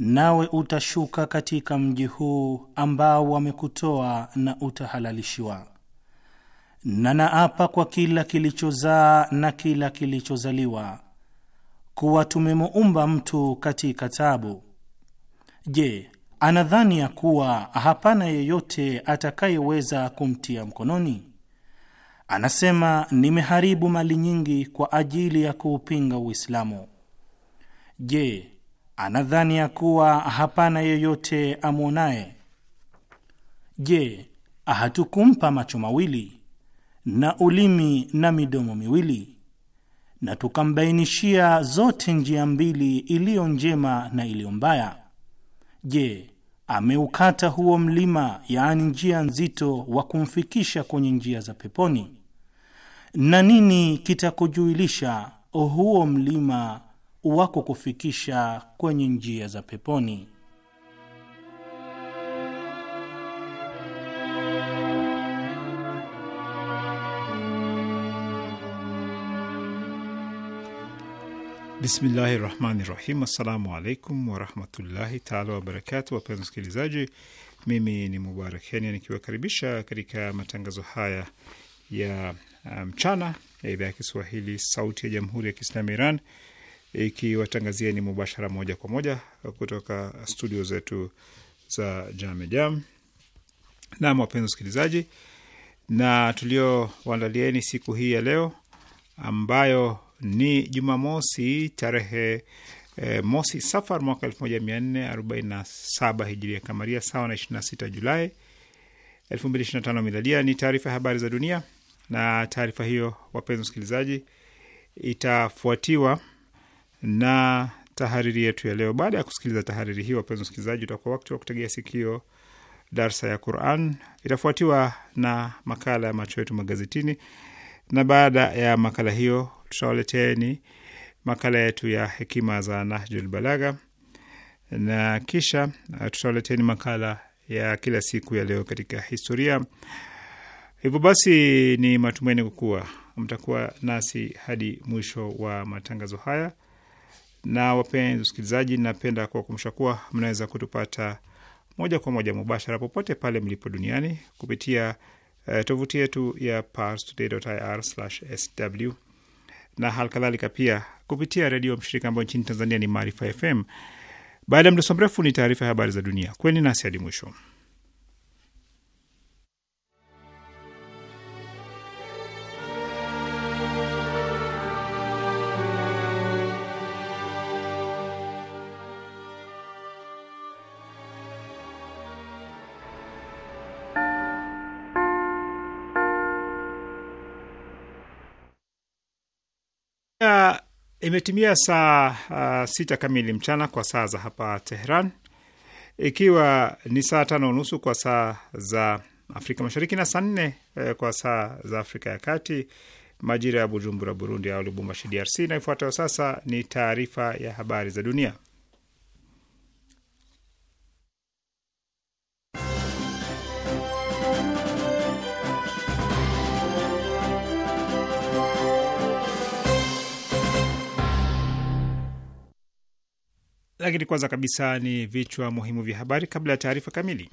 nawe utashuka katika mji huu ambao wamekutoa na utahalalishiwa. Na naapa kwa kila kilichozaa na kila kilichozaliwa kuwa tumemuumba mtu katika tabu. Je, anadhani ya kuwa hapana yeyote atakayeweza kumtia mkononi? Anasema, nimeharibu mali nyingi kwa ajili ya kuupinga Uislamu. Je, anadhani ya kuwa hapana yeyote amwonaye. Je, hatukumpa macho mawili na ulimi na midomo miwili na tukambainishia zote njia mbili, iliyo njema na iliyo mbaya? Je, ameukata huo mlima, yaani njia nzito, wa kumfikisha kwenye njia za peponi? Na nini kitakujuilisha huo mlima wako kufikisha kwenye njia za peponi. Bismillahi rahmani rahim. Assalamu alaikum warahmatullahi taala wabarakatu. Wapenzi msikilizaji, mimi ni Mubarak Kenya nikiwakaribisha katika matangazo haya ya uh, mchana um, ya idhaa ya Kiswahili sauti ya jamhuri ya Kiislamu Iran ikiwatangazieni mubashara moja kwa moja kutoka studio zetu za Jame Jam. Naam, wapenzi wasikilizaji, na tuliowaandalieni siku hii ya leo ambayo ni Jumamosi tarehe e, mosi Safar mwaka elfu moja mia nne arobaini na 1447 hijiria kamaria, sawa na ishirini na sita Julai elfu mbili na tano miladia. Ni taarifa ya habari za dunia, na taarifa hiyo wapenzi wasikilizaji, itafuatiwa na tahariri yetu ya leo. Baada ya kusikiliza tahariri hii, wapenzi wasikilizaji, utakuwa wakati wa kutegea sikio darsa ya Quran, itafuatiwa na makala ya macho yetu magazetini, na baada ya makala hiyo tutawaleteni makala yetu ya hekima za Nahjul Balagha na kisha uh, tutawaleteni makala ya kila siku ya leo katika historia. Hivyo basi, ni matumaini kukuwa mtakuwa nasi hadi mwisho wa matangazo haya na wapenzi wasikilizaji, napenda kuwakumbusha kuwa mnaweza kutupata moja kwa moja mubashara popote pale mlipo duniani kupitia uh, tovuti yetu ya parstoday.ir/sw na halkadhalika pia kupitia redio mshirika ambayo nchini Tanzania ni Maarifa FM. Baada ya mdoso mrefu ni taarifa ya habari za dunia. Kweni nasi hadi mwisho. Uh, imetimia saa uh, sita kamili mchana kwa saa za hapa Tehran, ikiwa ni saa tano nusu kwa saa za Afrika Mashariki na saa nne eh, kwa saa za Afrika ya Kati, majira ya Bujumbura Burundi au Lubumbashi DRC. Na ifuatayo sasa ni taarifa ya habari za dunia. Lakini kwanza kabisa ni vichwa muhimu vya habari kabla ya taarifa kamili.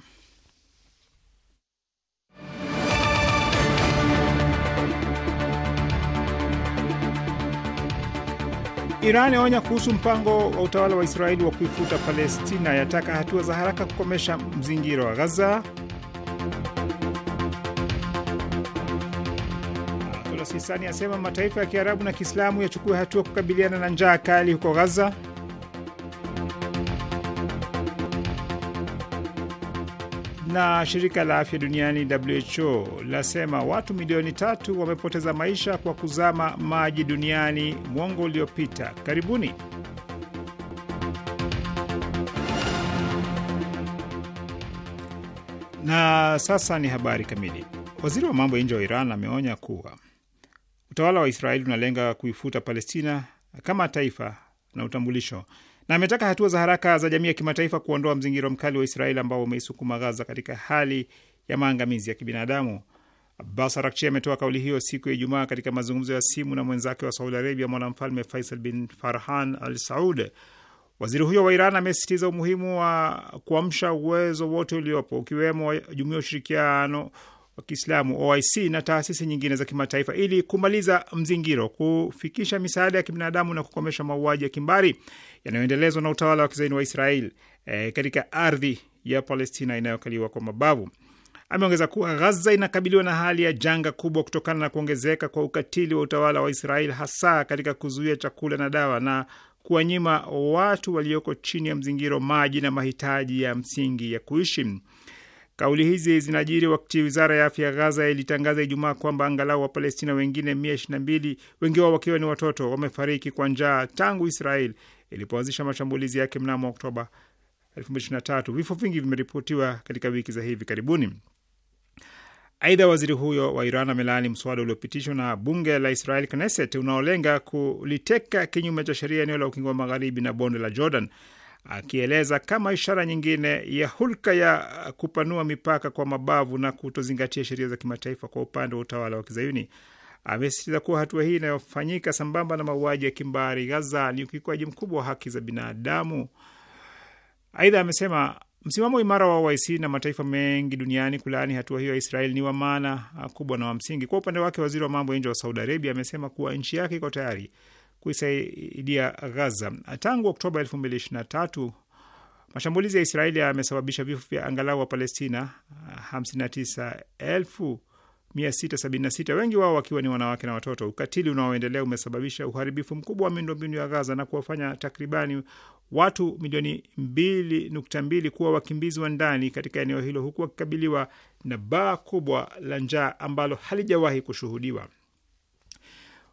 Iran yaonya kuhusu mpango wa utawala wa Israeli wa kuifuta Palestina, yataka hatua za haraka kukomesha mzingiro wa Gaza. Ayatollah asema mataifa ya Kiarabu na Kiislamu yachukue hatua kukabiliana na njaa kali huko Gaza. na shirika la afya duniani WHO lasema watu milioni tatu wamepoteza maisha kwa kuzama maji duniani mwongo uliopita. Karibuni. Na sasa ni habari kamili. Waziri wa mambo ya nje wa Iran ameonya kuwa utawala wa Israeli unalenga kuifuta Palestina kama taifa na utambulisho na ametaka hatua za haraka za jamii ya kimataifa kuondoa mzingiro mkali wa Israeli ambao umeisukuma Gaza katika hali ya maangamizi ya kibinadamu. Abbas Arakchi ametoa kauli hiyo siku ya Ijumaa katika mazungumzo ya simu na mwenzake wa Saudi Arabia, mwanamfalme Faisal bin Farhan al Saud. Waziri huyo wa Iran amesisitiza umuhimu wa kuamsha uwezo wote uliopo ukiwemo Jumuia ya Ushirikiano wa Kiislamu OIC na taasisi nyingine za kimataifa ili kumaliza mzingiro, kufikisha misaada ya kibinadamu na kukomesha mauaji ya kimbari yanayoendelezwa na utawala wa kizaini wa Israel e, katika ardhi ya Palestina inayokaliwa kwa mabavu. Ameongeza kuwa Ghaza inakabiliwa na hali ya janga kubwa kutokana na kuongezeka kwa ukatili wa utawala wa Israel, hasa katika kuzuia chakula na dawa na kuwanyima watu walioko chini ya mzingiro maji na mahitaji ya msingi ya kuishi. Kauli hizi zinajiri wakati wizara ya afya ya Gaza ilitangaza Ijumaa kwamba angalau Wapalestina wengine mia na mbili, wengi wao wakiwa ni watoto, wamefariki kwa njaa tangu Israel ilipoanzisha mashambulizi yake mnamo Oktoba 2023. Vifo vingi vimeripotiwa katika wiki za hivi karibuni. Aidha, waziri huyo wa Iran amelaani mswada uliopitishwa na bunge la Israel, Knesset, unaolenga kuliteka kinyume cha sheria eneo la Ukingo wa Magharibi na bonde la Jordan akieleza kama ishara nyingine ya hulka ya kupanua mipaka kwa mabavu na kutozingatia sheria za kimataifa kwa upande wa utawala wa kizayuni. Amesisitiza kuwa hatua hii inayofanyika sambamba na mauaji ya kimbari Gaza ni ukiukaji mkubwa wa haki za binadamu. Aidha, amesema msimamo imara wa OIC na mataifa mengi duniani kulaani hatua hiyo ya Israeli ni wa maana kubwa na wa msingi. Kwa upande wake, waziri wa mambo ya nje wa Saudi Arabia amesema kuwa nchi yake iko tayari kuisaidia Gaza. Tangu Oktoba 2023 mashambulizi ya Israeli yamesababisha vifo vya angalau wa Palestina 59676 wengi wao wakiwa ni wanawake na watoto. Ukatili unaoendelea umesababisha uharibifu mkubwa wa miundombinu ya Gaza na kuwafanya takribani watu milioni 2.2 kuwa wakimbizi wa ndani katika eneo hilo huku wakikabiliwa na baa kubwa la njaa ambalo halijawahi kushuhudiwa.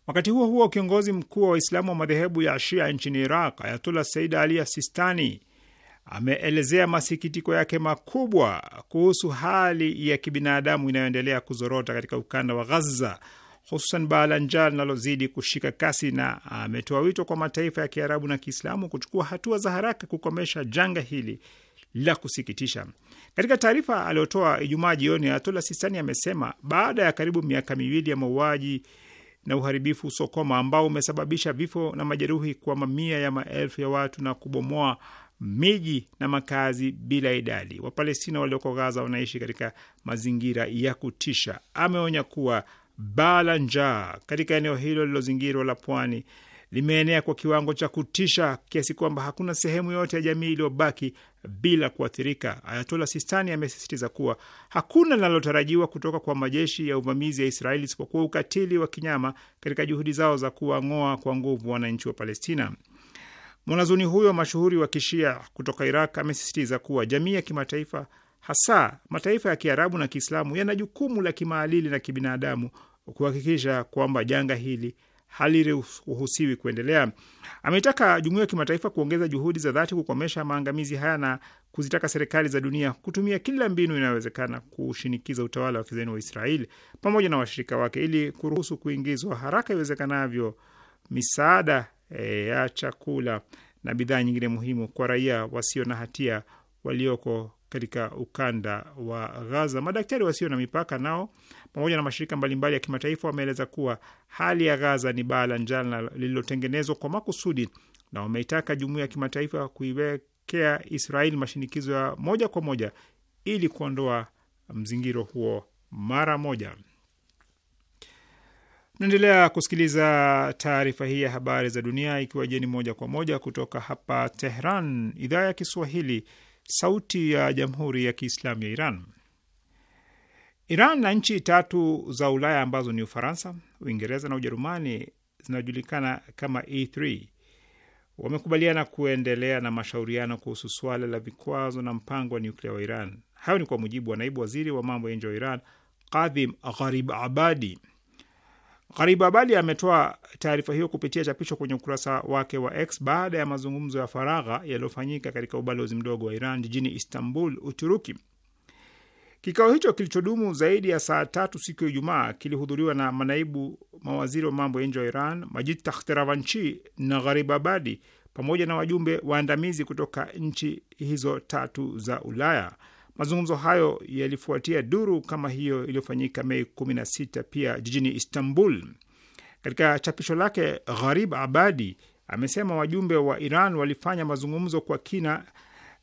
Wakati huo huo, kiongozi mkuu wa Waislamu wa madhehebu ya Shia nchini Iraq, Ayatullah Said Ali Sistani ameelezea masikitiko yake makubwa kuhusu hali ya kibinadamu inayoendelea kuzorota katika ukanda wa Ghaza, hususan baa la njaa linalozidi kushika kasi, na ametoa wito kwa mataifa ya Kiarabu na Kiislamu kuchukua hatua za haraka kukomesha janga hili la kusikitisha. Katika taarifa aliyotoa Ijumaa jioni, Ayatullah Sistani amesema baada ya karibu miaka miwili ya mauaji na uharibifu usokoma ambao umesababisha vifo na majeruhi kwa mamia ya maelfu ya watu na kubomoa miji na makazi bila idadi. Wapalestina walioko Gaza wanaishi katika mazingira ya kutisha. Ameonya kuwa baa la njaa katika eneo hilo lilozingirwa la pwani limeenea kwa kiwango cha kutisha kiasi kwamba hakuna sehemu yoyote ya jamii iliyobaki bila kuathirika. Ayatola Sistani amesisitiza kuwa hakuna linalotarajiwa kutoka kwa majeshi ya uvamizi ya Israeli isipokuwa ukatili wa kinyama katika juhudi zao za kuwang'oa kwa nguvu wananchi wa Palestina. Mwanazuni huyo mashuhuri wa kishia kutoka Iraq amesisitiza kuwa jamii ya kimataifa, hasa mataifa ya Kiarabu na Kiislamu, yana jukumu la kimaadili na kibinadamu kuhakikisha kwamba janga hili haliruhusiwi kuendelea. Ameitaka jumuiya ya kimataifa kuongeza juhudi za dhati kukomesha maangamizi haya na kuzitaka serikali za dunia kutumia kila mbinu inayowezekana kushinikiza utawala wa kizeni wa Israeli pamoja na washirika wake ili kuruhusu kuingizwa haraka iwezekanavyo misaada e, ya chakula na bidhaa nyingine muhimu kwa raia wasio na hatia walioko katika ukanda wa Gaza. Madaktari wasio na mipaka nao pamoja na mashirika mbalimbali ya kimataifa wameeleza kuwa hali ya Gaza ni baa la njaa lililotengenezwa kwa makusudi, na wameitaka jumuia ya kimataifa kuiwekea Israeli mashinikizo ya moja kwa moja ili kuondoa mzingiro huo mara moja. Naendelea kusikiliza taarifa hii ya habari za dunia ikiwa jeni moja kwa moja kutoka hapa Tehran, idhaa ya Kiswahili, sauti ya jamhuri ya kiislamu ya Iran. Iran na nchi tatu za Ulaya ambazo ni Ufaransa, Uingereza na Ujerumani zinajulikana kama E3 wamekubaliana kuendelea na mashauriano kuhusu suala la vikwazo na mpango wa nyuklia wa Iran. Hayo ni kwa mujibu wa naibu waziri wa mambo ya nje wa Iran Kadhim Gharib Abadi. Gharib Abadi ametoa taarifa hiyo kupitia chapisho kwenye ukurasa wake wa X baada ya mazungumzo ya faragha yaliyofanyika katika ubalozi mdogo wa Iran jijini Istanbul, Uturuki. Kikao hicho kilichodumu zaidi ya saa tatu siku ya Ijumaa kilihudhuriwa na manaibu mawaziri wa mambo ya nje wa Iran, Majid Tahteravanchi na Gharib Abadi, pamoja na wajumbe waandamizi kutoka nchi hizo tatu za Ulaya. Mazungumzo hayo yalifuatia duru kama hiyo iliyofanyika Mei 16 pia jijini Istanbul. Katika chapisho lake, Gharib Abadi amesema wajumbe wa Iran walifanya mazungumzo kwa kina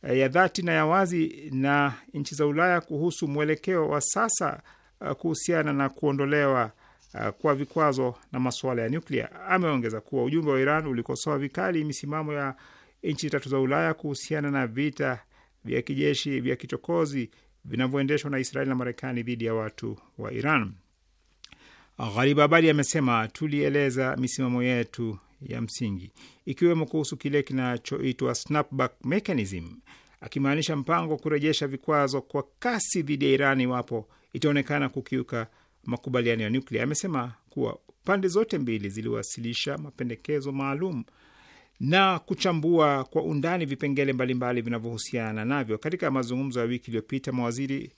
Eh, ya dhati na ya wazi na nchi za Ulaya kuhusu mwelekeo wa sasa eh, kuhusiana na kuondolewa eh, kwa vikwazo na masuala ya nyuklia. Ameongeza kuwa ujumbe wa Iran ulikosoa vikali misimamo ya nchi tatu za Ulaya kuhusiana na vita vya kijeshi vya kichokozi vinavyoendeshwa na Israeli na Marekani dhidi ya watu wa Iran. gharibu Abadi amesema tulieleza misimamo yetu ya msingi, ikiwemo kuhusu kile kinachoitwa snapback mechanism, akimaanisha mpango wa kurejesha vikwazo kwa kasi dhidi ya Iran iwapo itaonekana kukiuka makubaliano ya nuklia. Amesema kuwa pande zote mbili ziliwasilisha mapendekezo maalum na kuchambua kwa undani vipengele mbalimbali vinavyohusiana navyo. Katika mazungumzo ya wiki iliyopita, mawaziri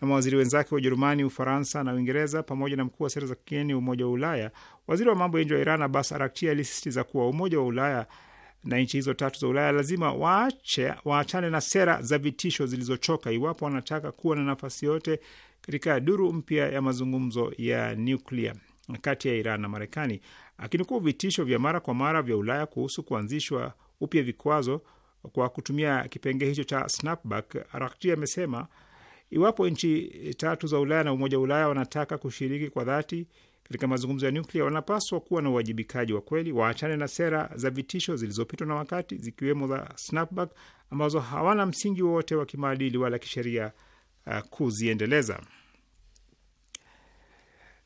na mawaziri wenzake wa Ujerumani, Ufaransa na Uingereza pamoja na mkuu wa sera za kigeni Umoja wa Ulaya, waziri wa mambo ya nje wa Iran Abbas Arakchi alisisitiza kuwa Umoja wa Ulaya na nchi hizo tatu za Ulaya lazima waache, waachane na sera za vitisho zilizochoka iwapo wanataka kuwa na nafasi yote katika duru mpya ya mazungumzo ya nuklia kati ya Iran na Marekani, akinukuu vitisho vya mara kwa mara vya Ulaya kuhusu kuanzishwa upya vikwazo kwa kutumia kipengee hicho cha snapback, Arakchi amesema Iwapo nchi tatu za Ulaya na Umoja wa Ulaya wanataka kushiriki kwa dhati katika mazungumzo ya nyuklia, wanapaswa kuwa na uwajibikaji wa kweli, waachane na sera za vitisho zilizopitwa na wakati, zikiwemo za snapback ambazo hawana msingi wowote wa kimaadili wala kisheria uh, kuziendeleza.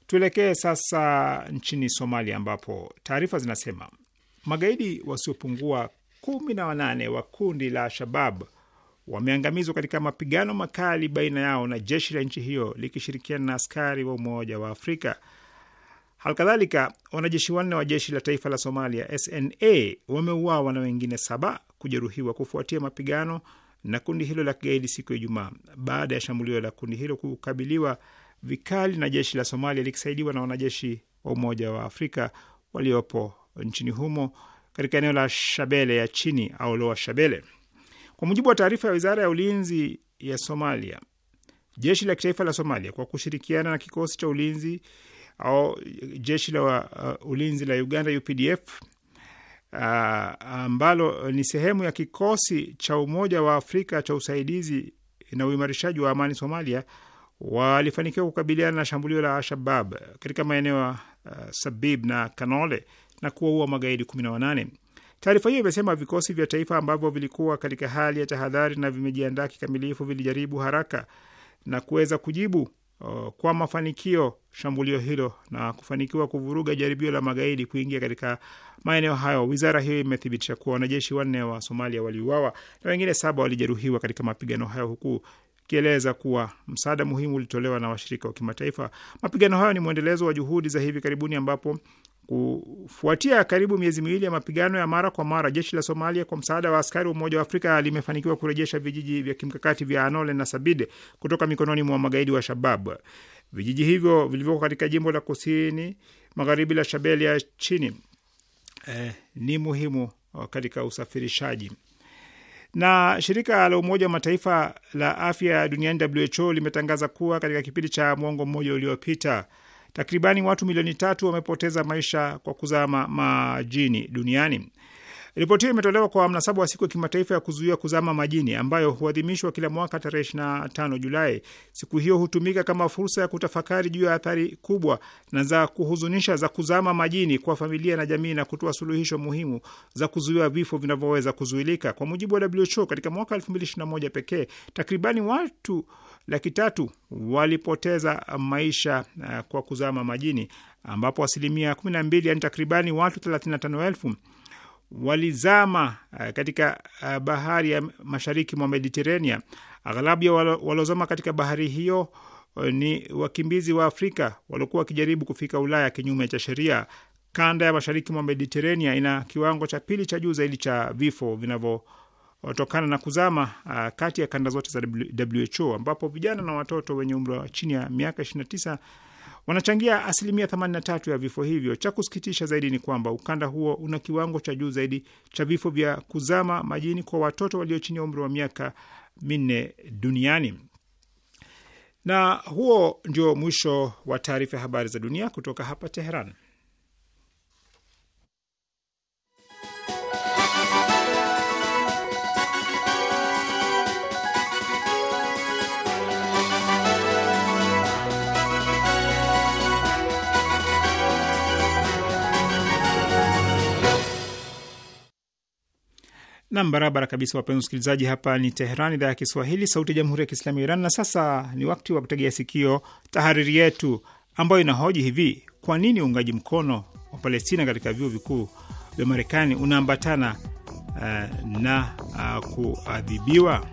Tuelekee sasa nchini Somalia ambapo taarifa zinasema magaidi wasiopungua kumi na wanane wa kundi la Al-Shabab wameangamizwa katika mapigano makali baina yao na jeshi la nchi hiyo likishirikiana na askari wa Umoja wa Afrika. Halikadhalika, wanajeshi wanne wa jeshi la taifa la Somalia SNA wameuawa na wengine saba kujeruhiwa kufuatia mapigano na kundi hilo la kigaidi siku ya Ijumaa baada ya shambulio la kundi hilo kukabiliwa vikali na jeshi la Somalia likisaidiwa na wanajeshi wa Umoja wa Afrika waliopo nchini humo katika eneo la Shabele ya chini au Loa Shabele. Kwa mujibu wa taarifa ya wizara ya ulinzi ya Somalia, jeshi la kitaifa la Somalia kwa kushirikiana na kikosi cha ulinzi au jeshi la uh, ulinzi la Uganda UPDF uh, ambalo ni sehemu ya kikosi cha Umoja wa Afrika cha usaidizi na uimarishaji wa amani Somalia walifanikiwa kukabiliana na shambulio la Al-Shabab katika maeneo ya uh, Sabib na Kanole na kuwaua magaidi na wanane. Taarifa hiyo imesema vikosi vya taifa ambavyo vilikuwa katika hali ya tahadhari na vimejiandaa kikamilifu vilijaribu haraka na kuweza kujibu o, uh, kwa mafanikio shambulio hilo na kufanikiwa kuvuruga jaribio la magaidi kuingia katika maeneo hayo. Wizara hiyo imethibitisha kuwa wanajeshi wanne wa Somalia waliuawa na wengine saba walijeruhiwa katika mapigano hayo huku kieleza kuwa msaada muhimu ulitolewa na washirika wa kimataifa. Mapigano hayo ni mwendelezo wa juhudi za hivi karibuni ambapo Kufuatia karibu miezi miwili ya mapigano ya mara kwa mara, jeshi la Somalia kwa msaada wa askari wa Umoja wa Afrika limefanikiwa kurejesha vijiji vya kimkakati vya Anole na Sabide kutoka mikononi mwa magaidi wa Shabab. Vijiji hivyo vilivyoko katika jimbo la kusini magharibi la ya chini eh, ni muhimu oh, katika usafirishaji na shirika la Umoja wa Mataifa la afya duniani WHO limetangaza kuwa katika kipindi cha mwongo mmoja uliopita Takribani watu milioni tatu wamepoteza maisha kwa kuzama majini duniani. Ripoti hiyo imetolewa kwa mnasaba wa siku ya kimataifa ya kuzuia kuzama majini ambayo huadhimishwa kila mwaka tarehe 25 Julai. Siku hiyo hutumika kama fursa ya kutafakari juu ya athari kubwa na za kuhuzunisha za kuzama majini kwa familia na jamii na kutoa suluhisho muhimu za kuzuia vifo vinavyoweza kuzuilika. Kwa mujibu wa WHO, katika mwaka 2021 pekee takribani watu laki tatu walipoteza maisha uh, kwa kuzama majini ambapo asilimia 12 yani takribani watu elfu walizama eh, katika eh, bahari ya mashariki mwa Mediterania. Aghalabu ya waliozama katika bahari hiyo eh, ni wakimbizi wa Afrika waliokuwa wakijaribu kufika Ulaya kinyume cha sheria. Kanda ya mashariki mwa Mediterania ina kiwango cha pili cha juu zaidi cha vifo vinavyotokana na kuzama kati ya kanda zote za WHO, ambapo vijana na watoto wenye umri wa chini ya miaka tisa wanachangia asilimia 83 ya vifo hivyo. Cha kusikitisha zaidi ni kwamba ukanda huo una kiwango cha juu zaidi cha vifo vya kuzama majini kwa watoto walio chini ya umri wa miaka minne duniani. Na huo ndio mwisho wa taarifa ya habari za dunia kutoka hapa Teheran. Nam, barabara kabisa, wapenzi msikilizaji, hapa ni Teheran, idhaa ya Kiswahili, sauti ya jamhuri ya kiislamu ya Iran. Na sasa ni wakati wa kutegea sikio tahariri yetu ambayo inahoji hivi: kwa nini uungaji mkono wa Palestina katika vyuo vikuu vya Marekani unaambatana uh, na uh, kuadhibiwa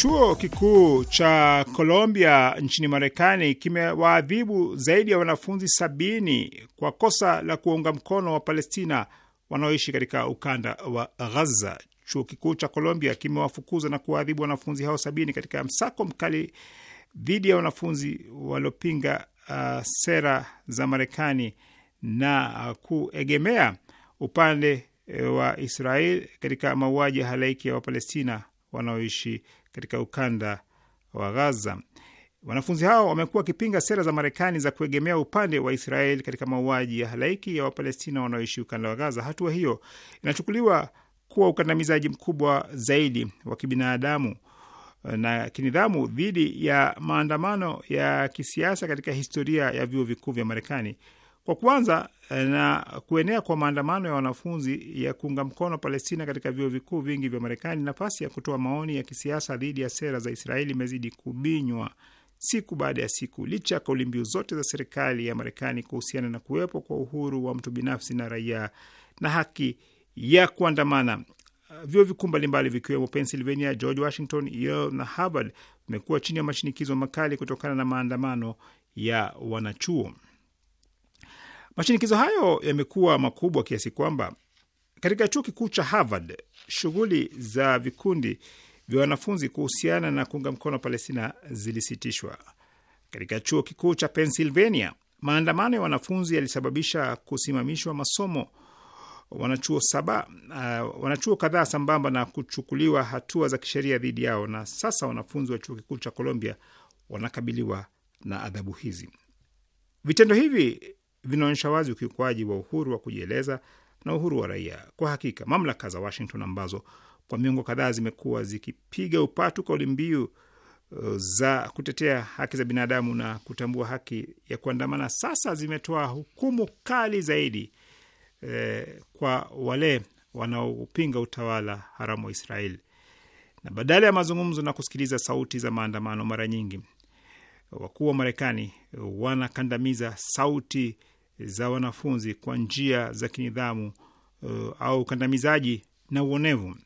Chuo kikuu cha colombia nchini Marekani kimewaadhibu zaidi ya wanafunzi sabini kwa kosa la kuwaunga mkono wa Palestina wanaoishi katika ukanda wa Ghaza. Chuo kikuu cha colombia kimewafukuza na kuwaadhibu wanafunzi hao sabini katika msako mkali dhidi ya wanafunzi waliopinga uh, sera za Marekani na uh, kuegemea upande eh, wa Israel katika mauaji ya halaiki ya Wapalestina wanaoishi katika ukanda wa Gaza. Wanafunzi hao wamekuwa wakipinga sera za Marekani za kuegemea upande wa Israeli katika mauaji ya halaiki ya Wapalestina wanaoishi ukanda wa Gaza. Hatua hiyo inachukuliwa kuwa ukandamizaji mkubwa zaidi wa kibinadamu na kinidhamu dhidi ya maandamano ya kisiasa katika historia ya vyuo vikuu vya Marekani. Kwa kwanza eh, na kuenea kwa maandamano ya wanafunzi ya kuunga mkono Palestina katika vyuo vikuu vingi vya Marekani, nafasi ya kutoa maoni ya kisiasa dhidi ya sera za Israeli imezidi kubinywa siku baada ya siku, licha ya kauli mbiu zote za serikali ya Marekani kuhusiana na kuwepo kwa uhuru wa mtu binafsi na raia na haki ya kuandamana. Vyuo vikuu mbalimbali vikiwemo Pennsylvania, George Washington, Yale na Harvard vimekuwa chini ya mashinikizo makali kutokana na maandamano ya wanachuo. Mashinikizo hayo yamekuwa makubwa kiasi kwamba katika chuo kikuu cha Harvard shughuli za vikundi vya wanafunzi kuhusiana na kuunga mkono Palestina zilisitishwa. Katika chuo kikuu cha Pennsylvania maandamano ya wanafunzi yalisababisha kusimamishwa masomo wanachuo saba, uh, wanachuo kadhaa sambamba na kuchukuliwa hatua za kisheria dhidi yao, na sasa wanafunzi wa chuo kikuu cha Columbia wanakabiliwa na adhabu hizi. Vitendo hivi vinaonyesha wazi ukiukwaji wa uhuru wa kujieleza na uhuru wa raia. Kwa hakika, mamlaka za Washington ambazo kwa miongo kadhaa zimekuwa zikipiga upatu kauli mbiu uh, za kutetea haki za binadamu na kutambua haki ya kuandamana, sasa zimetoa hukumu kali zaidi eh, kwa wale wanaopinga utawala haramu wa Israel, Na badala ya mazungumzo na kusikiliza sauti za maandamano, mara nyingi wakuu wa Marekani uh, wanakandamiza sauti za wanafunzi kwa njia za kinidhamu uh, au ukandamizaji na uonevu.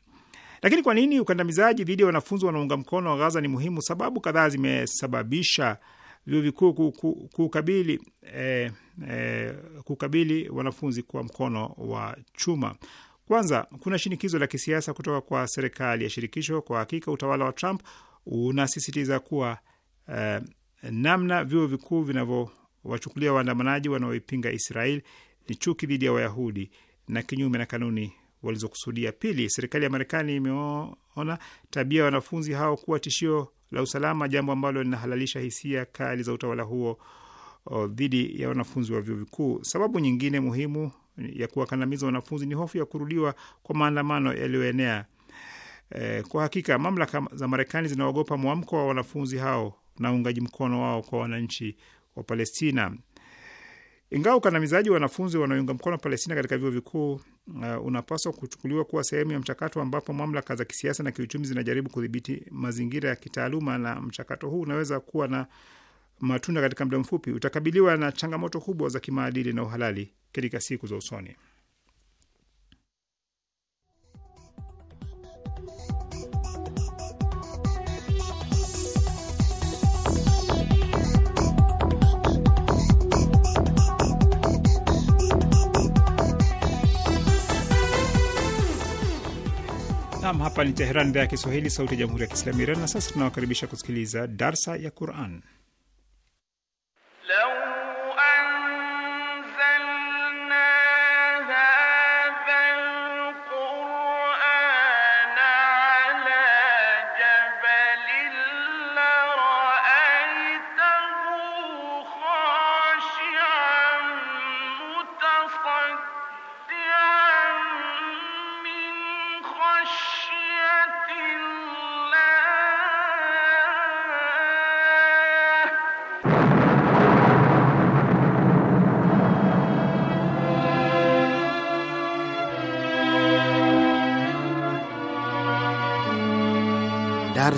Lakini kwa nini ukandamizaji dhidi ya wanafunzi wanaunga mkono wa Gaza ni muhimu? Sababu kadhaa zimesababisha vyuo vikuu kukabili eh, eh, kukabili wanafunzi kwa mkono wa chuma. Kwanza, kuna shinikizo la kisiasa kutoka kwa serikali ya shirikisho. Kwa hakika utawala wa Trump unasisitiza kuwa eh, namna vyuo vikuu vinavyo wachukulia waandamanaji wanaoipinga Israel ni chuki dhidi ya Wayahudi na kinyume na kanuni walizokusudia. Pili, serikali ya Marekani imeona tabia ya wanafunzi hao kuwa tishio la usalama, jambo ambalo linahalalisha hisia kali za utawala huo dhidi ya wanafunzi wa vyuo vikuu. Sababu nyingine muhimu ya kuwakandamiza wanafunzi ni hofu ya kurudiwa kwa maandamano yaliyoenea. E, kwa hakika mamlaka za Marekani zinaogopa mwamko wa wanafunzi hao na uungaji mkono wao kwa wananchi wa Palestina. Ingawa ukandamizaji wa wanafunzi wanaoiunga mkono Palestina katika vyuo vikuu uh, unapaswa kuchukuliwa kuwa sehemu ya mchakato ambapo mamlaka za kisiasa na kiuchumi zinajaribu kudhibiti mazingira ya kitaaluma, na mchakato huu unaweza kuwa na matunda katika muda mfupi, utakabiliwa na changamoto kubwa za kimaadili na uhalali katika siku za usoni. Naam, hapa ni Teheran, idhaa ya Kiswahili, sauti ya jamhuri ya kiislamu Iran. Na sasa tunawakaribisha kusikiliza darsa ya Quran.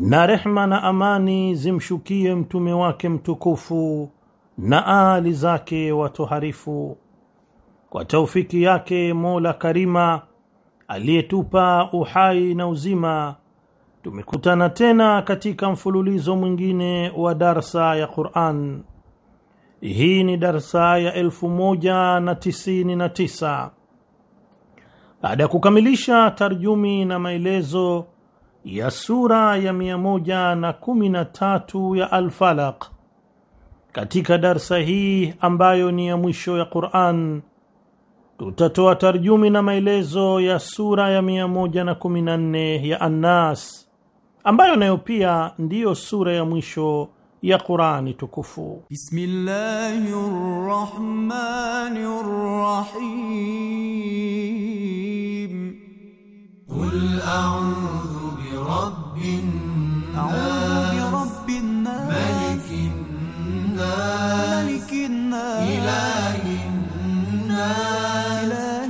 na rehma na amani zimshukie mtume wake mtukufu na aali zake watoharifu. Kwa taufiki yake Mola Karima aliyetupa uhai na uzima, tumekutana tena katika mfululizo mwingine wa darsa ya Qur'an. Hii ni darsa ya elfu moja na tisini na tisa baada ya kukamilisha tarjumi na maelezo ya sura ya mia moja na kumi na tatu ya Alfalaq. Katika darsa hii ambayo ni ya mwisho ya Quran tutatoa tarjumi na maelezo ya sura ya mia moja na kumi na nne ya Annas ambayo nayo pia ndiyo sura ya mwisho ya Qurani tukufu. Bismillahir Rahmanir Rahim قل أعوذ برب الناس ملك الناس إله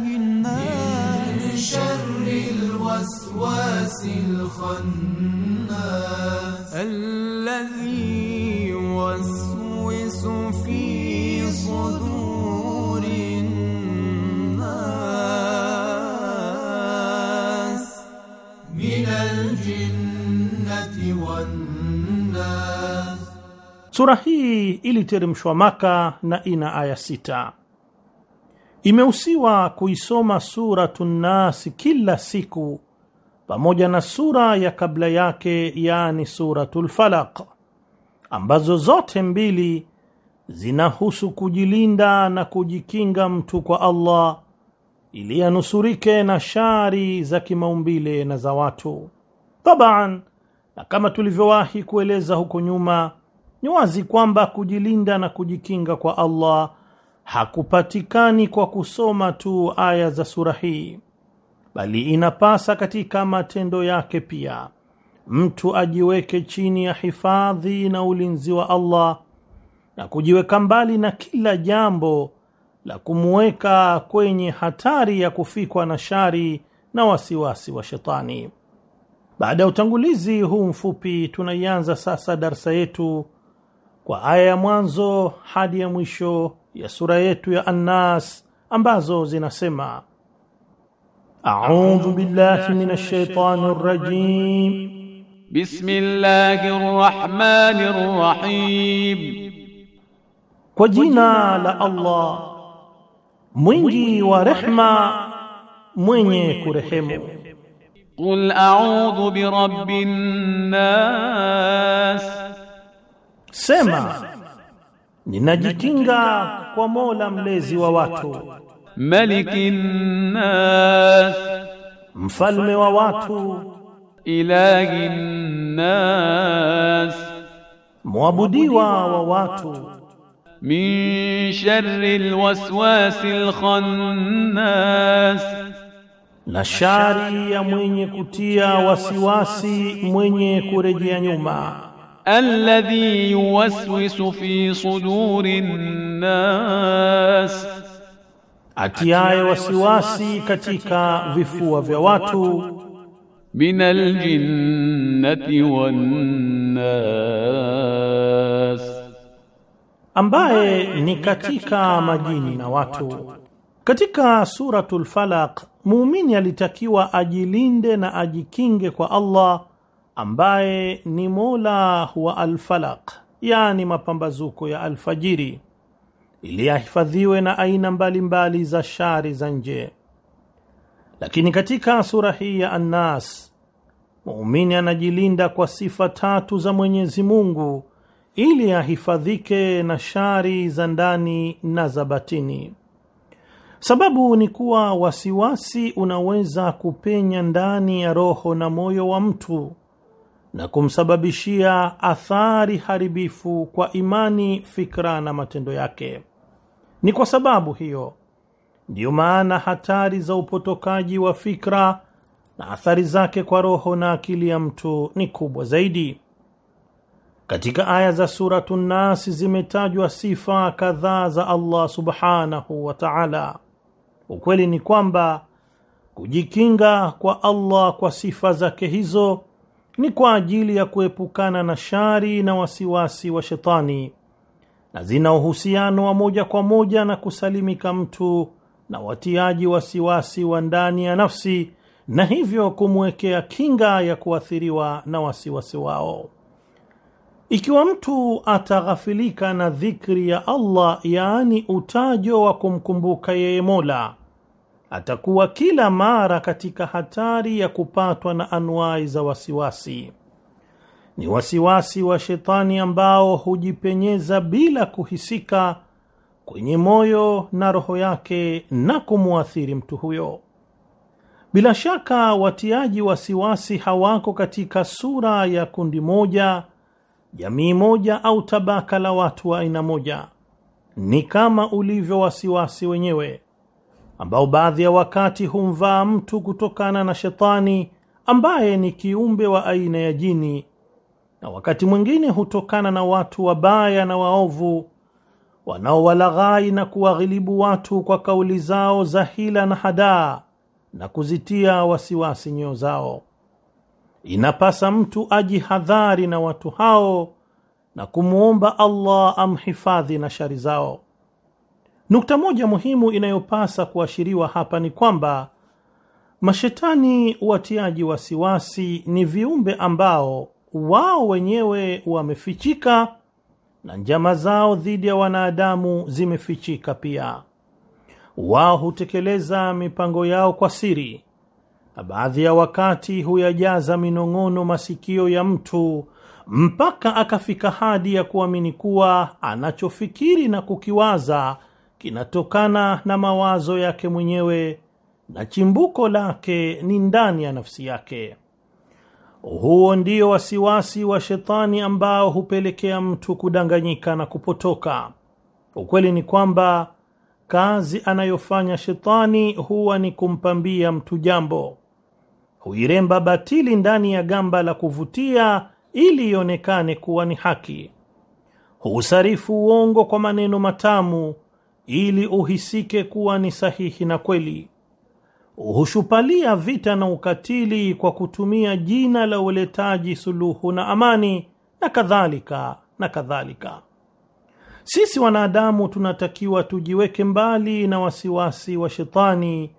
الناس من شر الوسواس الخناس الذي يوسوس Sura hii iliteremshwa Maka na ina aya sita. Imehusiwa kuisoma suratu Nas kila siku pamoja na sura ya kabla yake, yani Suratul Falaq, ambazo zote mbili zinahusu kujilinda na kujikinga mtu kwa Allah ili anusurike na shari za kimaumbile na za watu tabaan, na kama tulivyowahi kueleza huko nyuma ni wazi kwamba kujilinda na kujikinga kwa Allah hakupatikani kwa kusoma tu aya za sura hii, bali inapasa katika matendo yake pia mtu ajiweke chini ya hifadhi na ulinzi wa Allah na kujiweka mbali na kila jambo la kumweka kwenye hatari ya kufikwa na shari na wasiwasi wa shetani. Baada ya utangulizi huu mfupi, tunaianza sasa darsa yetu kwa aya ya mwanzo hadi ya mwisho ya sura yetu ya Annas ambazo zinasema A'udhu billahi minash shaitanir rajim Bismillahir rahmanir rahim Kwa jina la Allah mwingi wa rehma mwenye kurehemu Qul a'udhu bi rabbin nas Sema, ninajikinga kwa Mola mlezi wa watu, malikin nas, mfalme wa watu, ilahin nas, mwabudiwa wa watu, min sharri alwaswasi alkhannas, na shari ya mwenye kutia wasiwasi, mwenye kurejea nyuma alladhi yuwaswisu fi sudurin nas, atiaye wasiwasi katika vifua vya watu. Min aljinnati wan nas, ambaye ni katika majini na watu. Katika Suratul Falaq muumini alitakiwa ajilinde na ajikinge kwa Allah ambaye ni mola wa alfalaq, yani mapambazuko ya alfajiri, ili ahifadhiwe na aina mbalimbali mbali za shari za nje. Lakini katika sura hii ya Annas, muumini anajilinda kwa sifa tatu za Mwenyezi Mungu ili ahifadhike na shari za ndani na za batini. Sababu ni kuwa wasiwasi unaweza kupenya ndani ya roho na moyo wa mtu na kumsababishia athari haribifu kwa imani, fikra na matendo yake. Ni kwa sababu hiyo ndiyo maana hatari za upotokaji wa fikra na athari zake kwa roho na akili ya mtu ni kubwa zaidi. Katika aya za Suratu Nnasi zimetajwa sifa kadhaa za Allah subhanahu wa taala. Ukweli ni kwamba kujikinga kwa Allah kwa sifa zake hizo ni kwa ajili ya kuepukana na shari na wasiwasi wa shetani na zina uhusiano wa moja kwa moja na kusalimika mtu na watiaji wasiwasi wa ndani ya nafsi na hivyo kumwekea kinga ya kuathiriwa na wasiwasi wao. Ikiwa mtu ataghafilika na dhikri ya Allah, yaani utajo wa kumkumbuka yeye Mola, atakuwa kila mara katika hatari ya kupatwa na anwai za wasiwasi. Ni wasiwasi wa shetani ambao hujipenyeza bila kuhisika kwenye moyo na roho yake na kumwathiri mtu huyo. Bila shaka watiaji wasiwasi hawako katika sura ya kundi moja, jamii moja, au tabaka la watu wa aina moja. Ni kama ulivyo wasiwasi wenyewe ambao baadhi ya wakati humvaa mtu kutokana na shetani ambaye ni kiumbe wa aina ya jini, na wakati mwingine hutokana na watu wabaya na waovu wanaowalaghai na kuwaghilibu watu kwa kauli zao za hila na hadaa na kuzitia wasiwasi nyoyo zao. Inapasa mtu ajihadhari na watu hao na kumwomba Allah amhifadhi na shari zao. Nukta moja muhimu inayopasa kuashiriwa hapa ni kwamba mashetani watiaji wasiwasi ni viumbe ambao wao wenyewe wamefichika na njama zao dhidi ya wanadamu zimefichika pia. Wao hutekeleza mipango yao kwa siri, na baadhi ya wakati huyajaza minong'ono masikio ya mtu mpaka akafika hadi ya kuamini kuwa anachofikiri na kukiwaza kinatokana na mawazo yake mwenyewe na chimbuko lake ni ndani ya nafsi yake. Huo ndio wasiwasi wa shetani ambao hupelekea mtu kudanganyika na kupotoka. Ukweli ni kwamba kazi anayofanya shetani huwa ni kumpambia mtu jambo, huiremba batili ndani ya gamba la kuvutia ili ionekane kuwa ni haki, huusarifu uongo kwa maneno matamu ili uhisike kuwa ni sahihi na kweli. Hushupalia vita na ukatili kwa kutumia jina la uletaji suluhu na amani na kadhalika na kadhalika. Sisi wanadamu tunatakiwa tujiweke mbali na wasiwasi wa shetani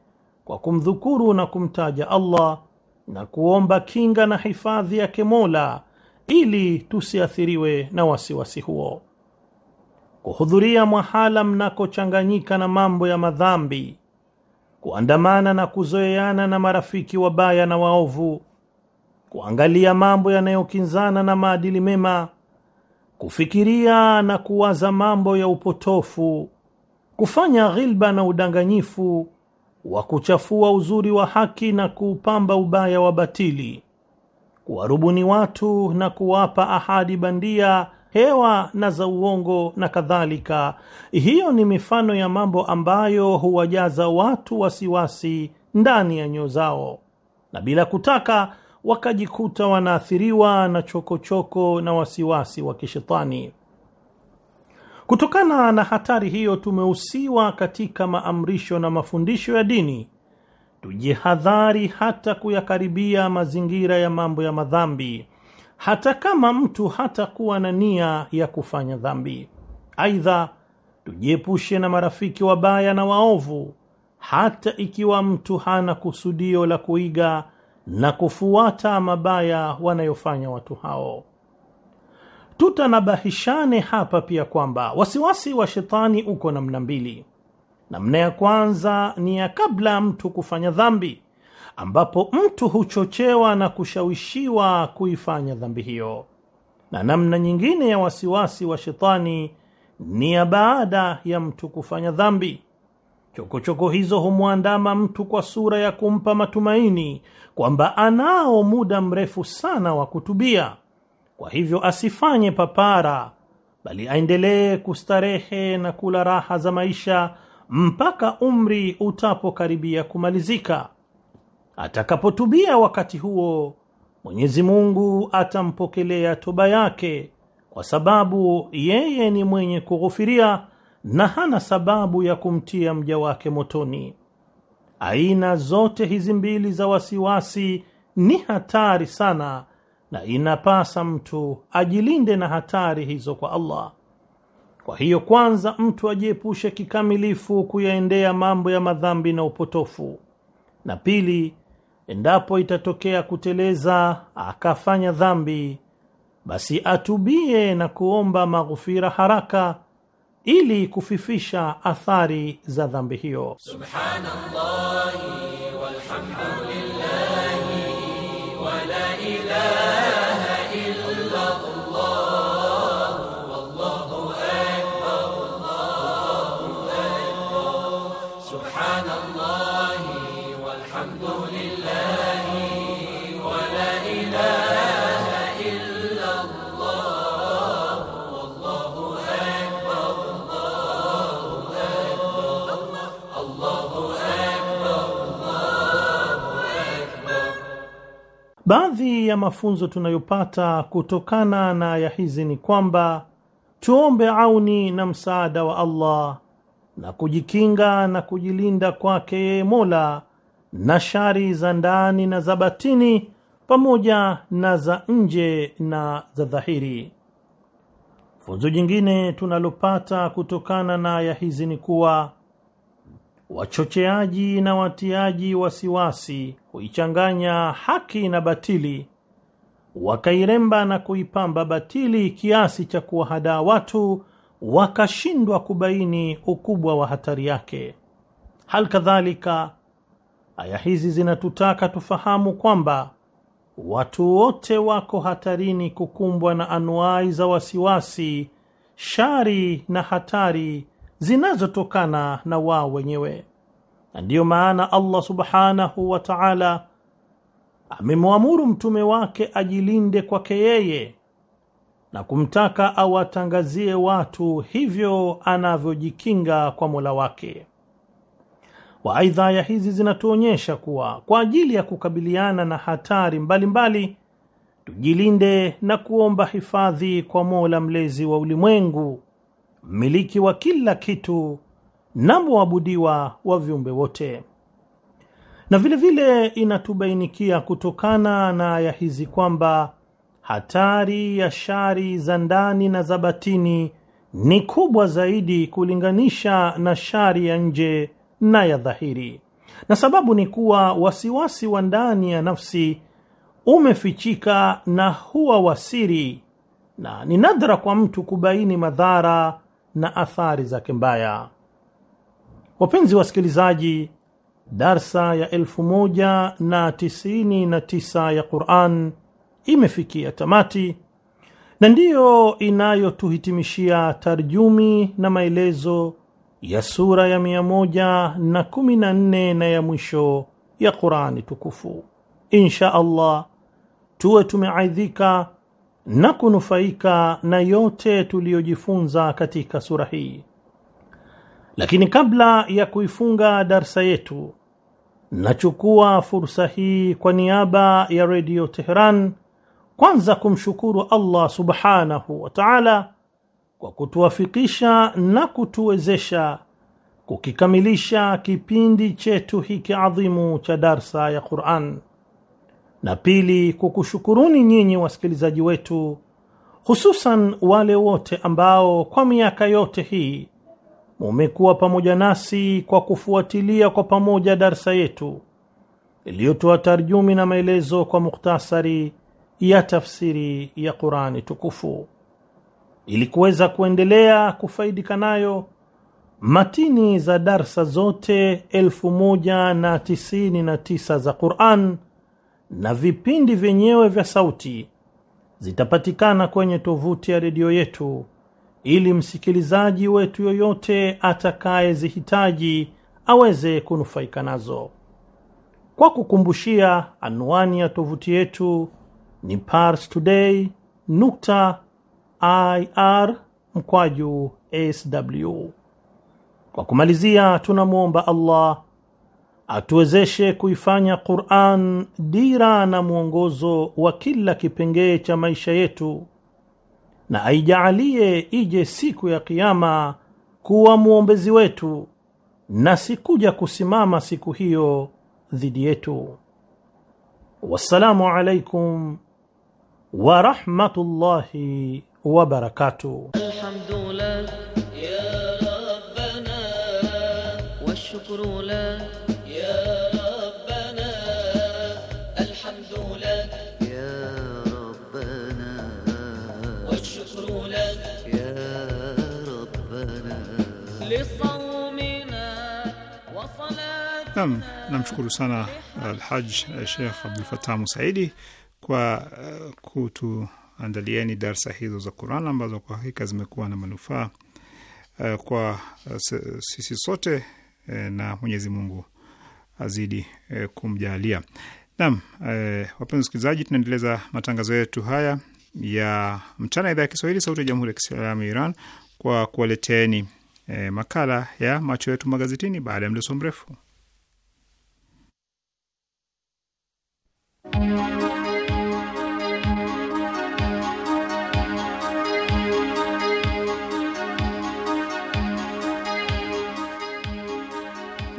kwa kumdhukuru na kumtaja Allah na kuomba kinga na hifadhi yake Mola ili tusiathiriwe na wasiwasi huo kuhudhuria mwahala mnakochanganyika na mambo ya madhambi, kuandamana na kuzoeana na marafiki wabaya na waovu, kuangalia mambo yanayokinzana na maadili mema, kufikiria na kuwaza mambo ya upotofu, kufanya ghilba na udanganyifu wa kuchafua uzuri wa haki na kuupamba ubaya wa batili, kuwarubuni watu na kuwapa ahadi bandia hewa na za uongo na kadhalika. Hiyo ni mifano ya mambo ambayo huwajaza watu wasiwasi ndani ya nyoo zao, na bila kutaka wakajikuta wanaathiriwa na chokochoko choko na wasiwasi wa kishetani. Kutokana na hatari hiyo, tumehusiwa katika maamrisho na mafundisho ya dini tujihadhari hata kuyakaribia mazingira ya mambo ya madhambi hata kama mtu hatakuwa na nia ya kufanya dhambi. Aidha, tujiepushe na marafiki wabaya na waovu, hata ikiwa mtu hana kusudio la kuiga na kufuata mabaya wanayofanya watu hao. Tutanabahishane hapa pia kwamba wasiwasi wa shetani uko namna mbili. Namna ya kwanza ni ya kabla mtu kufanya dhambi ambapo mtu huchochewa na kushawishiwa kuifanya dhambi hiyo. Na namna nyingine ya wasiwasi wa shetani ni ya baada ya mtu kufanya dhambi. Chokochoko choko hizo humwandama mtu kwa sura ya kumpa matumaini kwamba anao muda mrefu sana wa kutubia, kwa hivyo asifanye papara, bali aendelee kustarehe na kula raha za maisha mpaka umri utapokaribia kumalizika Atakapotubia wakati huo, Mwenyezi Mungu atampokelea toba yake, kwa sababu yeye ni mwenye kughufiria na hana sababu ya kumtia mja wake motoni. Aina zote hizi mbili za wasiwasi ni hatari sana, na inapasa mtu ajilinde na hatari hizo kwa Allah. Kwa hiyo, kwanza mtu ajiepushe kikamilifu kuyaendea mambo ya madhambi na upotofu, na pili Endapo itatokea kuteleza akafanya dhambi, basi atubie na kuomba maghfira haraka ili kufifisha athari za dhambi hiyo. Subhanallah walhamdulillah wala ilaha Baadhi ya mafunzo tunayopata kutokana na aya hizi ni kwamba tuombe auni na msaada wa Allah na kujikinga na kujilinda kwake yeye Mola na shari za ndani na za batini pamoja na za nje na za dhahiri. Funzo jingine tunalopata kutokana na aya hizi ni kuwa wachocheaji na watiaji wasiwasi huichanganya haki na batili, wakairemba na kuipamba batili kiasi cha kuwahadaa watu wakashindwa kubaini ukubwa wa hatari yake. Hal kadhalika aya hizi zinatutaka tufahamu kwamba watu wote wako hatarini kukumbwa na anuai za wasiwasi, shari na hatari zinazotokana na wao wenyewe, na ndiyo maana Allah subhanahu wa ta'ala amemwamuru mtume wake ajilinde kwake yeye na kumtaka awatangazie watu hivyo anavyojikinga kwa Mola wake. wa Aidha, aya hizi zinatuonyesha kuwa kwa ajili ya kukabiliana na hatari mbalimbali mbali, tujilinde na kuomba hifadhi kwa Mola mlezi wa ulimwengu mmiliki wa kila kitu na mwabudiwa wa viumbe wote. Na vile vile inatubainikia kutokana na aya hizi kwamba hatari ya shari za ndani na za batini ni kubwa zaidi kulinganisha na shari ya nje na ya dhahiri, na sababu ni kuwa wasiwasi wa ndani ya nafsi umefichika na huwa wasiri, na ni nadra kwa mtu kubaini madhara na athari zake mbaya. Wapenzi wasikilizaji, darsa ya elfu moja na tisini na tisa ya Quran imefikia tamati na ndiyo inayotuhitimishia tarjumi na maelezo ya sura ya mia moja na kumi na nne na ya mwisho ya Qurani tukufu. Insha Allah tuwe tumeaidhika na kunufaika na yote tuliyojifunza katika sura hii. Lakini kabla ya kuifunga darsa yetu, nachukua fursa hii kwa niaba ya Redio Teheran kwanza kumshukuru Allah subhanahu wa taala kwa kutuwafikisha na kutuwezesha kukikamilisha kipindi chetu hiki adhimu cha darsa ya Quran na pili kukushukuruni nyinyi wasikilizaji wetu, hususan wale wote ambao kwa miaka yote hii mumekuwa pamoja nasi kwa kufuatilia kwa pamoja darsa yetu iliyotoa tarjumi na maelezo kwa mukhtasari ya tafsiri ya Qurani tukufu ili kuweza kuendelea kufaidika nayo. Matini za darsa zote elfu moja na tisini na tisa za Quran na vipindi vyenyewe vya sauti zitapatikana kwenye tovuti ya redio yetu ili msikilizaji wetu yoyote atakayezihitaji aweze kunufaika nazo. Kwa kukumbushia, anwani ya tovuti yetu ni parstoday nukta ir mkwaju sw. Kwa kumalizia, tunamwomba Allah atuwezeshe kuifanya Qur'an dira na mwongozo wa kila kipengee cha maisha yetu, na aijaalie ije siku ya Kiyama kuwa mwombezi wetu na sikuja kusimama siku hiyo dhidi yetu. Wassalamu alaikum wa rahmatullahi wa barakatuh. Alhamdulillah ya rabbana washukuru Nam, namshukuru sana uh, Alhaj uh, Sheikh Abdul Fatah Musaidi kwa uh, kutuandalieni darsa hizo za Quran ambazo kwa hakika zimekuwa na manufaa kwa sisi sote na Mwenyezi Mungu azidi kumjalia. Nam, wapenzi wasikilizaji, tunaendeleza matangazo yetu haya ya mchana, idhaa ya Kiswahili sauti ya Jamhuri ya Kiislamu ya Iran kwa kuwaleteni makala ya macho yetu magazetini baada ya mdoso mrefu.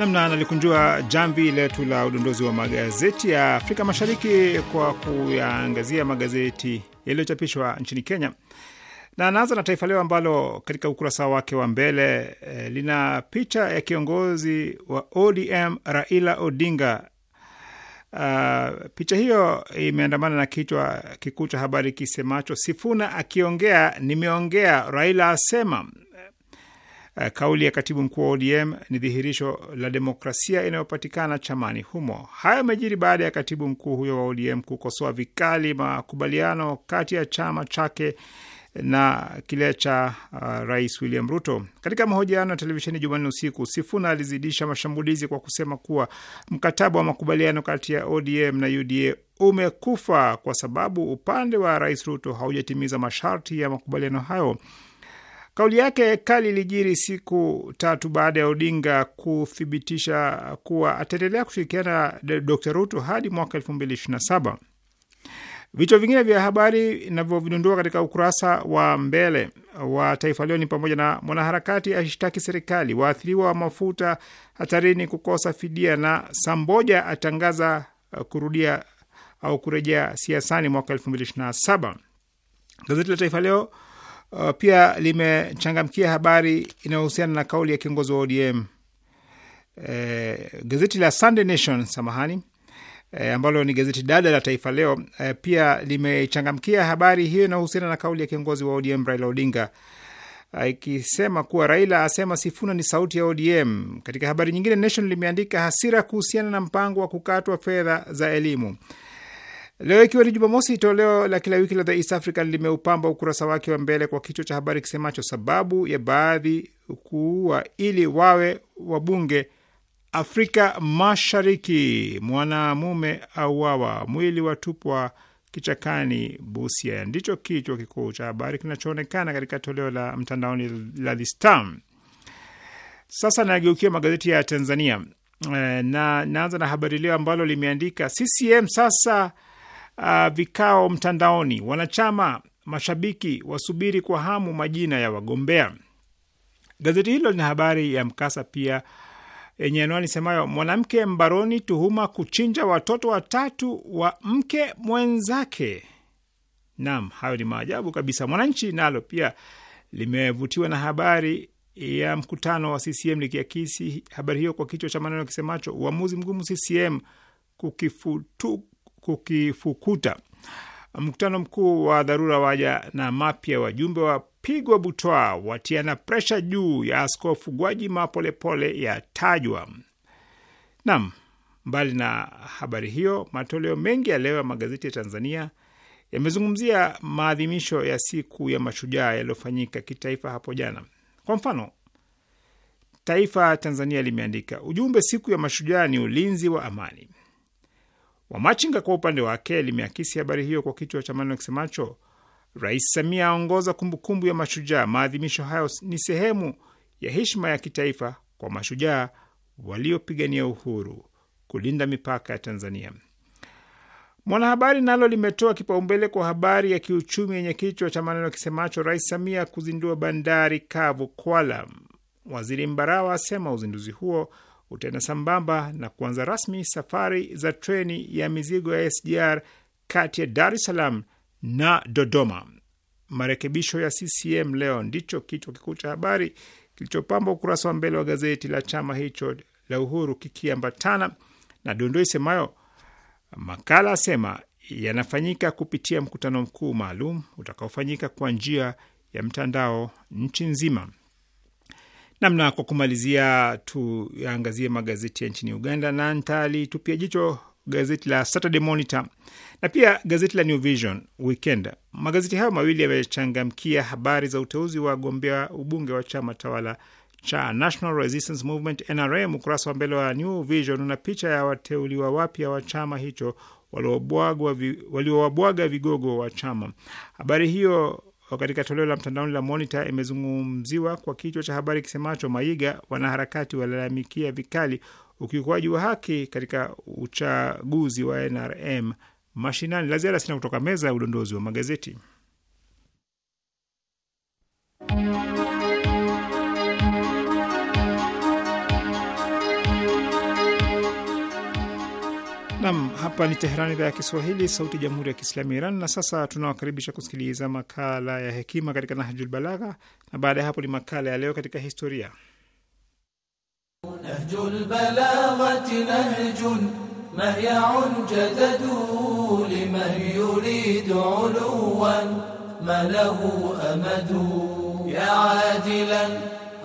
namna nalikunjua jamvi letu la udondozi wa magazeti ya Afrika Mashariki kwa kuyaangazia magazeti yaliyochapishwa nchini Kenya na anaanza na Taifa Leo ambalo katika ukurasa wake wa mbele eh, lina picha ya kiongozi wa ODM Raila Odinga. Uh, picha hiyo imeandamana na kichwa kikuu cha habari kisemacho Sifuna akiongea nimeongea, Raila asema. Eh, kauli ya katibu mkuu wa ODM ni dhihirisho la demokrasia inayopatikana chamani humo. hayo yamejiri baada ya katibu mkuu huyo wa ODM kukosoa vikali makubaliano kati ya chama chake na kile cha uh, Rais William Ruto. Katika mahojiano ya televisheni Jumanne usiku, Sifuna alizidisha mashambulizi kwa kusema kuwa mkataba wa makubaliano kati ya ODM na UDA umekufa kwa sababu upande wa Rais Ruto haujatimiza masharti ya makubaliano hayo. Kauli yake kali ilijiri siku tatu baada ya Odinga kuthibitisha kuwa ataendelea kushirikiana na Dr Ruto hadi mwaka elfu mbili ishirini na saba. Vichwa vingine vya habari inavyovidundua katika ukurasa wa mbele wa Taifa Leo ni pamoja na mwanaharakati ashtaki serikali, waathiriwa wa mafuta hatarini kukosa fidia, na Samboja atangaza uh, kurudia au kurejea siasani mwaka elfu mbili ishirini na saba. Gazeti la Taifa Leo Uh, pia limechangamkia habari inayohusiana na kauli ya kiongozi wa ODM e, eh, gazeti la Sunday Nation samahani E, ambalo ni gazeti dada la Taifa Leo e, pia limechangamkia habari hiyo inayohusiana na kauli ya kiongozi wa ODM Raila Odinga ikisema kuwa Raila asema Sifuna ni sauti ya ODM. Katika habari nyingine, Nation limeandika hasira kuhusiana na mpango wa kukatwa fedha za elimu. Leo ikiwa ni Jumamosi, toleo la kila wiki la The East African limeupamba ukurasa wake wa mbele kwa kichwa cha habari kisemacho sababu ya baadhi kuua ili wawe wabunge Afrika Mashariki, mwanamume auawa, mwili watupwa kichakani Busia. Ndicho kichwa kikuu cha habari kinachoonekana katika toleo la mtandaoni la The Star. Sasa nageukia magazeti ya Tanzania eh, na naanza na Habari Leo ambalo limeandika CCM sasa uh, vikao mtandaoni. Wanachama mashabiki wasubiri kwa hamu majina ya wagombea. Gazeti hilo lina habari ya mkasa pia yenye anwani semayo mwanamke mbaroni tuhuma kuchinja watoto watatu wa mke mwenzake. Naam, hayo ni maajabu kabisa. Mwananchi nalo pia limevutiwa na habari ya mkutano wa CCM likiakisi habari hiyo kwa kichwa cha maneno kisemacho uamuzi mgumu CCM kukifutu, kukifukuta. Mkutano mkuu wa dharura waja na mapya, wajumbe wapigwa butwaa, watiana presha juu ya Askofu Gwajima Polepole yatajwa. Naam, mbali na habari hiyo, matoleo mengi ya leo ya magazeti ya Tanzania yamezungumzia maadhimisho ya siku ya mashujaa yaliyofanyika kitaifa hapo jana. Kwa mfano, Taifa Tanzania limeandika ujumbe, siku ya mashujaa ni ulinzi wa amani. Wamachinga kwa upande wake limeakisi habari hiyo kwa kichwa cha maneno kisemacho Rais Samia aongoza kumbukumbu ya mashujaa. Maadhimisho hayo ni sehemu ya heshima ya kitaifa kwa mashujaa waliopigania uhuru, kulinda mipaka ya Tanzania. Mwanahabari nalo limetoa kipaumbele kwa habari ya kiuchumi yenye kichwa cha maneno kisemacho Rais Samia kuzindua bandari kavu Kwala. Waziri Mbarawa asema uzinduzi huo utaenda sambamba na kuanza rasmi safari za treni ya mizigo ya SGR kati ya Dar es Salaam na Dodoma. Marekebisho ya CCM leo ndicho kichwa kikuu cha habari kilichopamba ukurasa wa mbele wa gazeti la chama hicho la Uhuru, kikiambatana na dondoo isemayo makala asema yanafanyika kupitia mkutano mkuu maalum utakaofanyika kwa njia ya mtandao nchi nzima namna. Kwa kumalizia, tuangazie magazeti ya nchini Uganda na nitalitupia jicho gazeti la Saturday Monitor na pia gazeti la New Vision Weekend. Magazeti hayo mawili yamechangamkia habari za uteuzi wa gombea ubunge wa chama tawala cha National Resistance Movement NRM. Ukurasa wa mbele wa New Vision una picha ya wateuliwa wapya wa chama hicho waliowabwaga vigogo wa chama. Habari hiyo katika toleo la mtandaoni la Monitor imezungumziwa kwa kichwa cha habari kisemacho Maiga wanaharakati walalamikia vikali ukiukwaji wa haki katika uchaguzi wa NRM mashinani. La ziada sina kutoka meza ya udondozi wa magazeti. Nam, hapa ni Teherani, idhaa ya Kiswahili, sauti ya jamhuri ya kiislamu ya Iran. Na sasa tunawakaribisha kusikiliza makala ya hekima katika Nahjul Balagha, na baada ya hapo ni makala ya leo katika historia. Nahjul Balaghati, nahjun mahyaun jadadu liman yuridu uluwan amadu ya adilan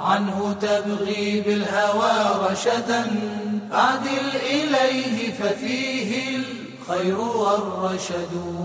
عنه تبغي بالهوى رشدا أعدل إليه ففيه الخير والرشد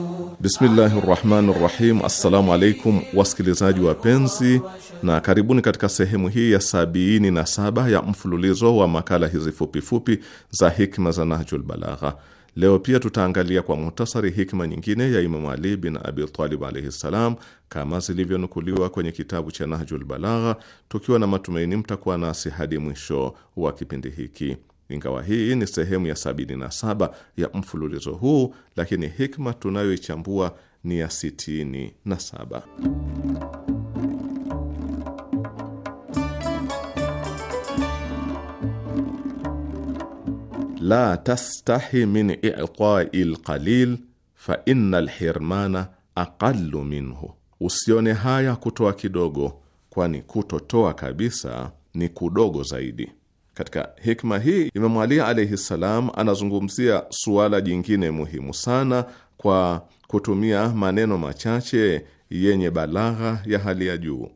Bismillahi rrahmani rrahim. Assalamu alaikum wasikilizaji wapenzi, na karibuni katika sehemu hii ya sabiini na saba ya mfululizo wa makala hizi fupifupi za hikma za Nahjul Balagha. Leo pia tutaangalia kwa muhtasari hikma nyingine ya Imamu Ali bin Abi Talib alaihi ssalam, kama zilivyonukuliwa kwenye kitabu cha Nahjul Balagha, tukiwa na matumaini mtakuwa nasi hadi mwisho wa kipindi hiki. Ingawa hii ni sehemu ya 77 ya mfululizo huu, lakini hikma tunayoichambua ni ya 67. la tastahi min itai lqalil fa inna lhirmana aqalu minhu, usione haya kutoa kidogo, kwani kutotoa kabisa ni kudogo zaidi. Katika hikma hii Imamu Ali alaihi ssalam anazungumzia suala jingine muhimu sana kwa kutumia maneno machache yenye balagha ya hali ya juu,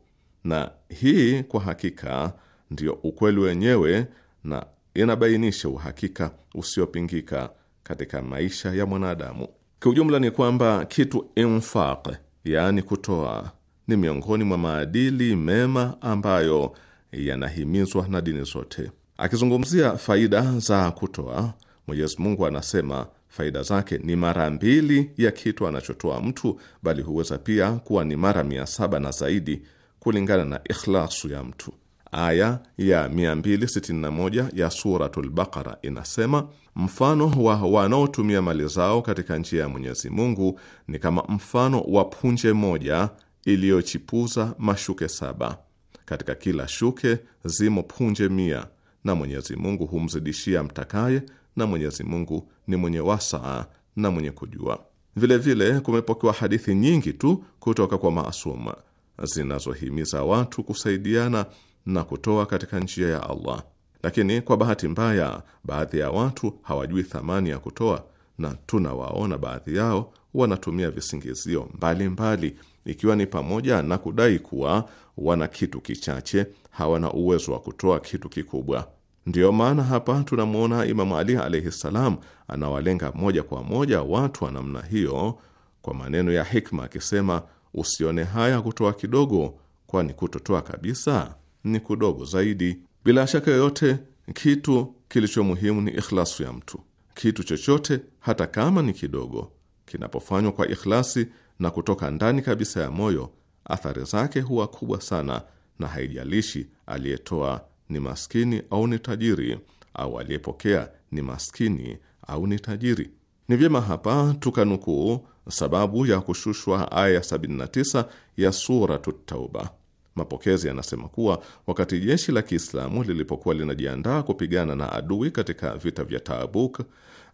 na hii kwa hakika ndio ukweli wenyewe na inabainisha uhakika usiopingika katika maisha ya mwanadamu. Kiujumla ni kwamba kitu infaq, yaani kutoa, ni miongoni mwa maadili mema ambayo yanahimizwa na dini zote. Akizungumzia faida za kutoa, Mwenyezi Mungu anasema faida zake ni mara mbili ya kitu anachotoa mtu, bali huweza pia kuwa ni mara mia saba na zaidi kulingana na ikhlasu ya mtu. Aya ya 261 ya Suratul Baqara inasema mfano wa wanaotumia mali zao katika njia ya Mwenyezi Mungu ni kama mfano wa punje moja iliyochipuza mashuke saba. Katika kila shuke zimo punje mia, na Mwenyezi Mungu humzidishia mtakaye, na Mwenyezi Mungu ni mwenye wasaa na mwenye kujua. Vilevile kumepokewa hadithi nyingi tu kutoka kwa maasuma zinazohimiza watu kusaidiana na kutoa katika njia ya Allah. Lakini kwa bahati mbaya, baadhi ya watu hawajui thamani ya kutoa, na tunawaona baadhi yao wanatumia visingizio mbalimbali mbali, ikiwa ni pamoja na kudai kuwa wana kitu kichache, hawana uwezo wa kutoa kitu kikubwa. Ndiyo maana hapa tunamwona Imamu Ali alaihi ssalam anawalenga moja kwa moja watu wa namna hiyo kwa maneno ya hikma akisema, usione haya kutoa kidogo, kwani kutotoa kabisa ni kudogo zaidi. Bila shaka yoyote, kitu kilicho muhimu ni ikhlasu ya mtu. Kitu chochote, hata kama ni kidogo, kinapofanywa kwa ikhlasi na kutoka ndani kabisa ya moyo, athari zake huwa kubwa sana, na haijalishi aliyetoa ni maskini au ni tajiri, au aliyepokea ni maskini au ni tajiri. Ni vyema hapa tukanukuu sababu ya kushushwa aya 79 ya Suratu Tauba. Mapokezi yanasema kuwa wakati jeshi la Kiislamu lilipokuwa linajiandaa kupigana na adui katika vita vya Taabuk,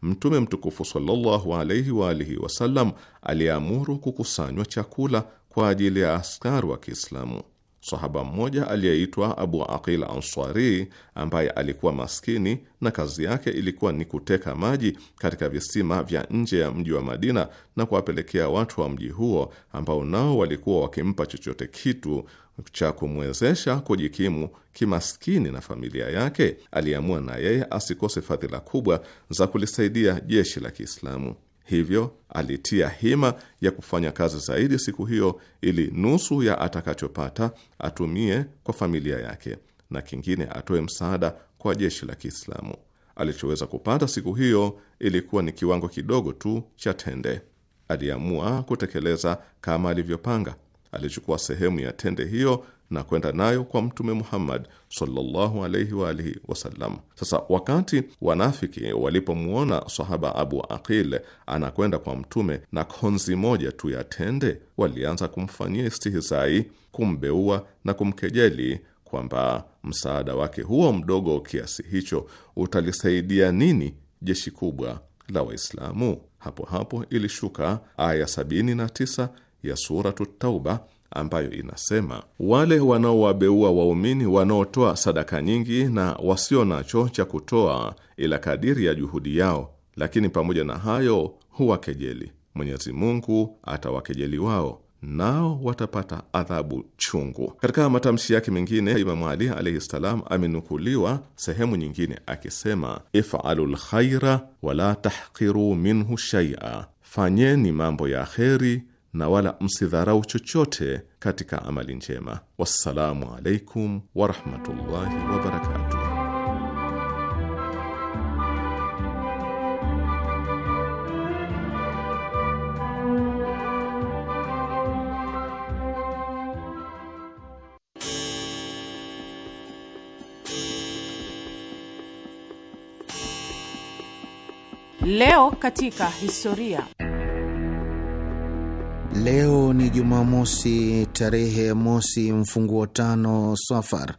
Mtume mtukufu sallallahu alaihi wa alihi wasallam aliamuru kukusanywa chakula kwa ajili ya askari wa Kiislamu. Sahaba mmoja aliyeitwa Abu Aqil Ansari, ambaye alikuwa maskini na kazi yake ilikuwa ni kuteka maji katika visima vya nje ya mji wa Madina na kuwapelekea watu wa mji huo ambao nao walikuwa wakimpa chochote kitu cha kumwezesha kujikimu kimaskini na familia yake, aliamua na yeye asikose fadhila kubwa za kulisaidia jeshi la Kiislamu. Hivyo alitia hima ya kufanya kazi zaidi siku hiyo, ili nusu ya atakachopata atumie kwa familia yake na kingine atoe msaada kwa jeshi la Kiislamu. Alichoweza kupata siku hiyo ilikuwa ni kiwango kidogo tu cha tende. Aliamua kutekeleza kama alivyopanga alichukua sehemu ya tende hiyo na kwenda nayo kwa Mtume Muhammad sallallahu alaihi wa alihi wasallam. Sasa wakati wanafiki walipomwona sahaba Abu Aqil anakwenda kwa Mtume na konzi moja tu ya tende, walianza kumfanyia istihizai, kumbeua na kumkejeli kwamba msaada wake huo mdogo kiasi hicho utalisaidia nini jeshi kubwa la Waislamu? Hapo hapo ilishuka aya sabini ya Suratu Tauba ambayo inasema wale wanaowabeua waumini wanaotoa sadaka nyingi na wasio nacho cha kutoa ila kadiri ya juhudi yao, lakini pamoja na hayo huwakejeli. Mwenyezi Mungu atawakejeli wao, nao watapata adhabu chungu. Katika matamshi yake mengine, Imamu Ali alaihi ssalam amenukuliwa sehemu nyingine akisema, ifalu lkhaira wala tahkiru minhu shaia, fanyeni mambo ya kheri na wala msidharau chochote katika amali njema. Wassalamu alaikum warahmatullahi wabarakatuh. Leo katika historia Leo ni Jumamosi, tarehe mosi mfunguo tano Safar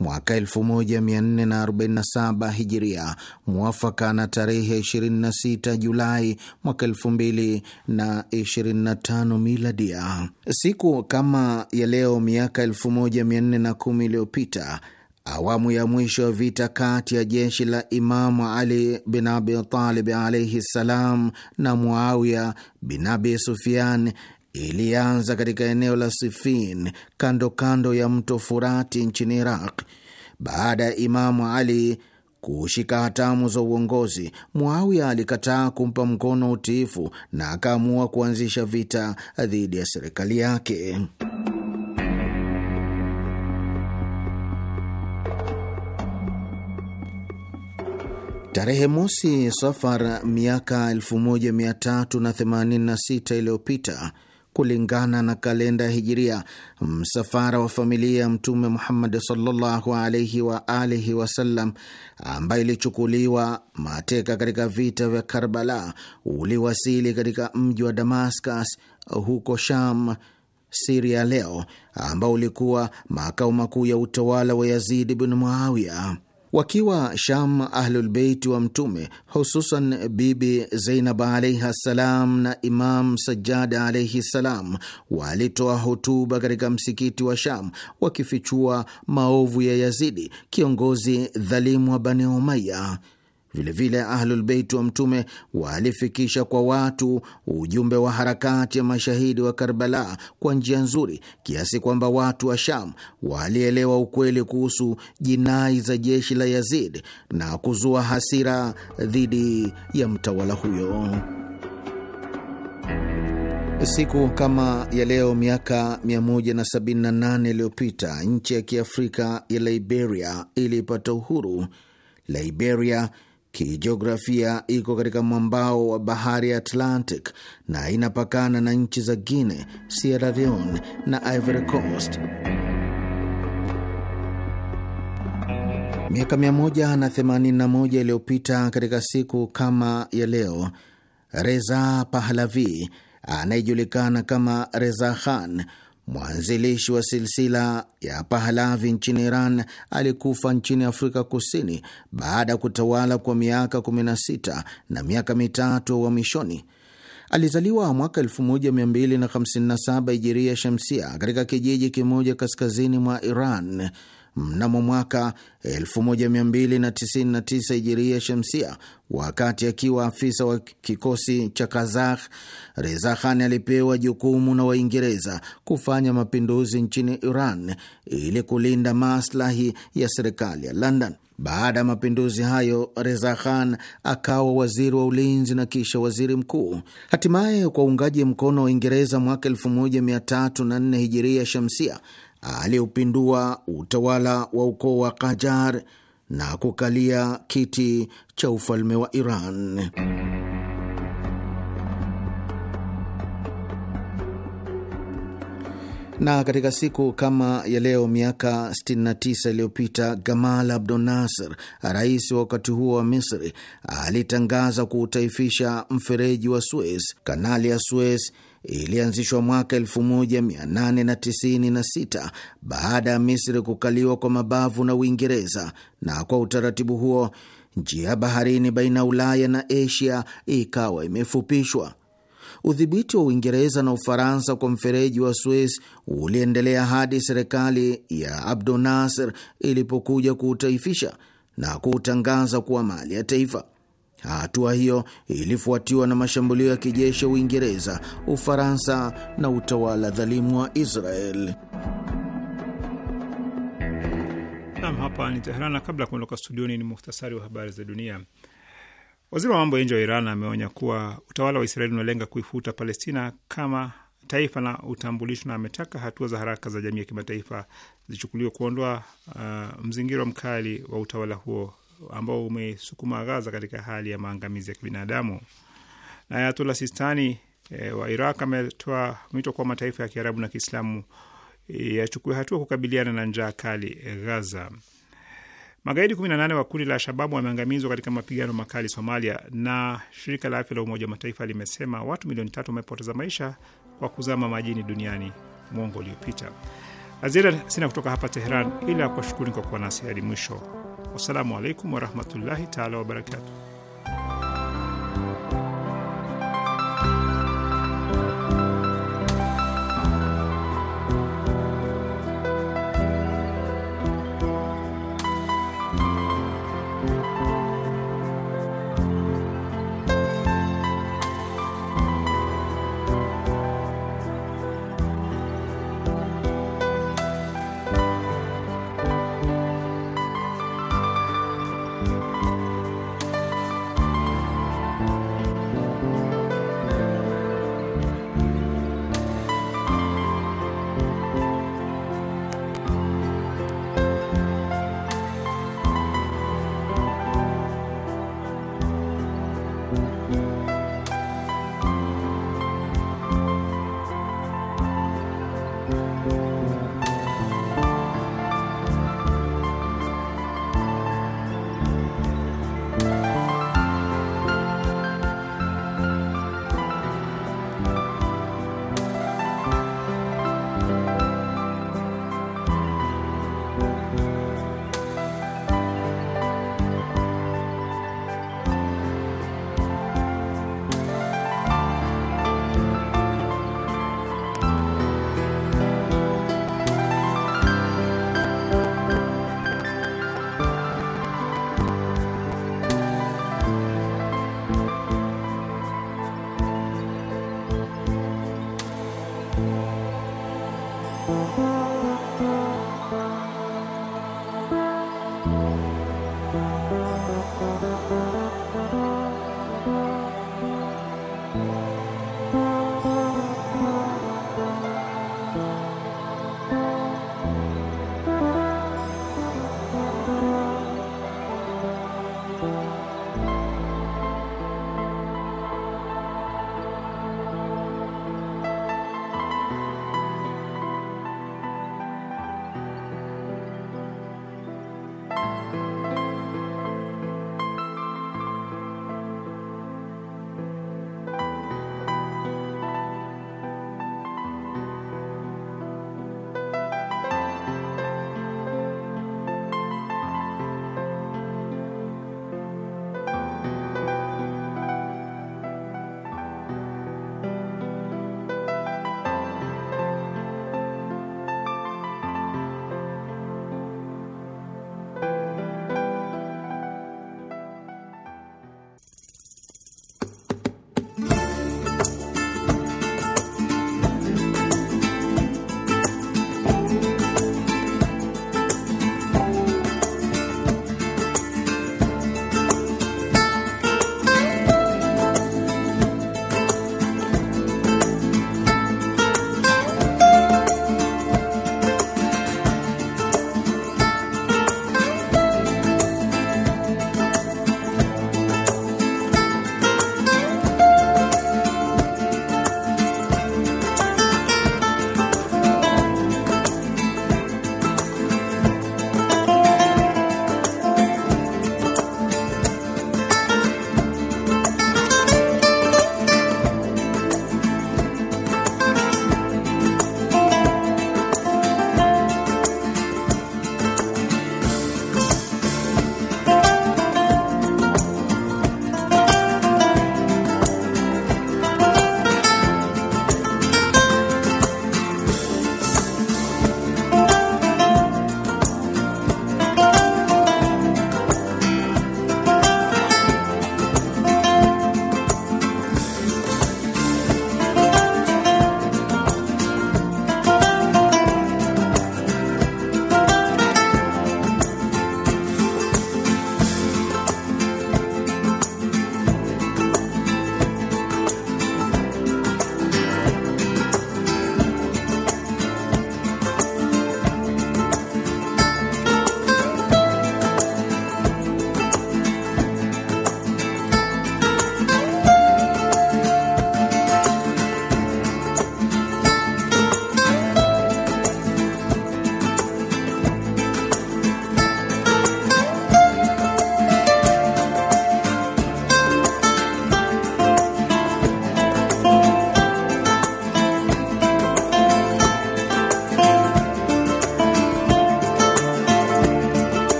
mwaka 1447 Hijiria, mwafaka na tarehe 26 Julai mwaka 2025 Miladia. Siku kama ya leo miaka 1410 iliyopita awamu ya mwisho ya vita kati ya jeshi la Imamu Ali bin Abi Talib alaihi ssalam na Muawiya bin Abi Sufian ilianza katika eneo la Sifin kando kando ya mto Furati nchini Iraq baada ya Imamu Ali kushika hatamu za uongozi, Muawia alikataa kumpa mkono utiifu na akaamua kuanzisha vita dhidi ya serikali yake. Tarehe mosi Safar miaka 1386 iliyopita kulingana na kalenda Hijiria, msafara wa familia ya Mtume Muhammad sallallahu alaihi wa alihi wasallam, ambaye ilichukuliwa mateka katika vita vya Karbala, uliwasili katika mji wa Damascus huko Sham, Siria leo, ambao ulikuwa makao makuu ya utawala wa Yazidi bin Muawiya. Wakiwa Sham, Ahlulbeiti wa Mtume hususan Bibi Zeinab alaihi ssalam na Imam Sajjad alaihi ssalam walitoa hutuba katika msikiti wa Sham wakifichua maovu ya Yazidi, kiongozi dhalimu wa Bani Umaya. Vilevile Ahlulbeiti wa Mtume walifikisha kwa watu ujumbe wa harakati ya mashahidi wa Karbala kwa njia nzuri kiasi kwamba watu wa Sham walielewa ukweli kuhusu jinai za jeshi la Yazid na kuzua hasira dhidi ya mtawala huyo. Siku kama ya leo miaka 178 iliyopita nchi ya kiafrika ya Liberia ilipata uhuru. Liberia Kijiografia iko katika mwambao wa bahari ya Atlantic na inapakana na nchi za Guinea, Sierra Leone na Ivory Coast. Miaka 181 iliyopita katika siku kama ya leo, Reza Pahlavi anayejulikana kama Reza Khan Mwanzilishi wa silsila ya Pahalavi nchini Iran alikufa nchini Afrika Kusini baada ya kutawala kwa miaka 16 na miaka mitatu ya uhamishoni. Alizaliwa mwaka 1257 Hijiria Shamsia katika kijiji kimoja kaskazini mwa Iran mnamo mwaka 1299 Hijiria Shamsia, wakati akiwa afisa wa kikosi cha Kazakh, Reza Khan alipewa jukumu na Waingereza kufanya mapinduzi nchini Iran ili kulinda maslahi ya serikali ya London. Baada ya mapinduzi hayo, Reza Khan akawa waziri wa ulinzi na kisha waziri mkuu. Hatimaye, kwa uungaji mkono wa Uingereza, mwaka 1304 hijiria shamsia, aliyeupindua utawala wa ukoo wa kajar na kukalia kiti cha ufalme wa Iran. Na katika siku kama ya leo miaka 69 iliyopita Gamal Abdel Nasser, rais wa wakati huo wa Misri, alitangaza kuutaifisha mfereji wa Suez, kanali ya Suez ilianzishwa mwaka 1896 baada ya Misri kukaliwa kwa mabavu na Uingereza, na kwa utaratibu huo njia baharini baina ya Ulaya na Asia ikawa imefupishwa. Udhibiti wa Uingereza na Ufaransa kwa mfereji wa Suez uliendelea hadi serikali ya Abdu Nasser ilipokuja kuutaifisha na kuutangaza kuwa mali ya taifa. Hatua hiyo ilifuatiwa na mashambulio ya kijeshi ya Uingereza, Ufaransa na utawala dhalimu wa Israel. Nam, hapa ni Teheran, na kabla ya kuondoka studioni ni muhtasari wa habari za dunia. Waziri wa mambo ya nje wa Iran ameonya kuwa utawala wa Israeli unalenga kuifuta Palestina kama taifa na utambulisho, na ametaka hatua za haraka za jamii ya kimataifa zichukuliwe kuondoa uh, mzingiro mkali wa utawala huo ambao umesukuma Gaza katika hali ya maangamizi ya kibinadamu. Na Ayatullah Sistani e, wa Iraq ametoa mwito kwa mataifa ya Kiarabu na Kiislamu eh, yachukue hatua kukabiliana na njaa kali eh, Gaza. Magaidi 18 wa kundi la Shababu wameangamizwa katika mapigano makali Somalia, na shirika la afya la Umoja wa Mataifa limesema watu milioni tatu wamepoteza maisha kwa kuzama majini duniani mwongo uliopita. Azira sina kutoka hapa Teheran, ila kwa kuwashukuruni kwa kuwa nasi hadi mwisho. Wassalamu alaikum warahmatullahi taala wabarakatuh.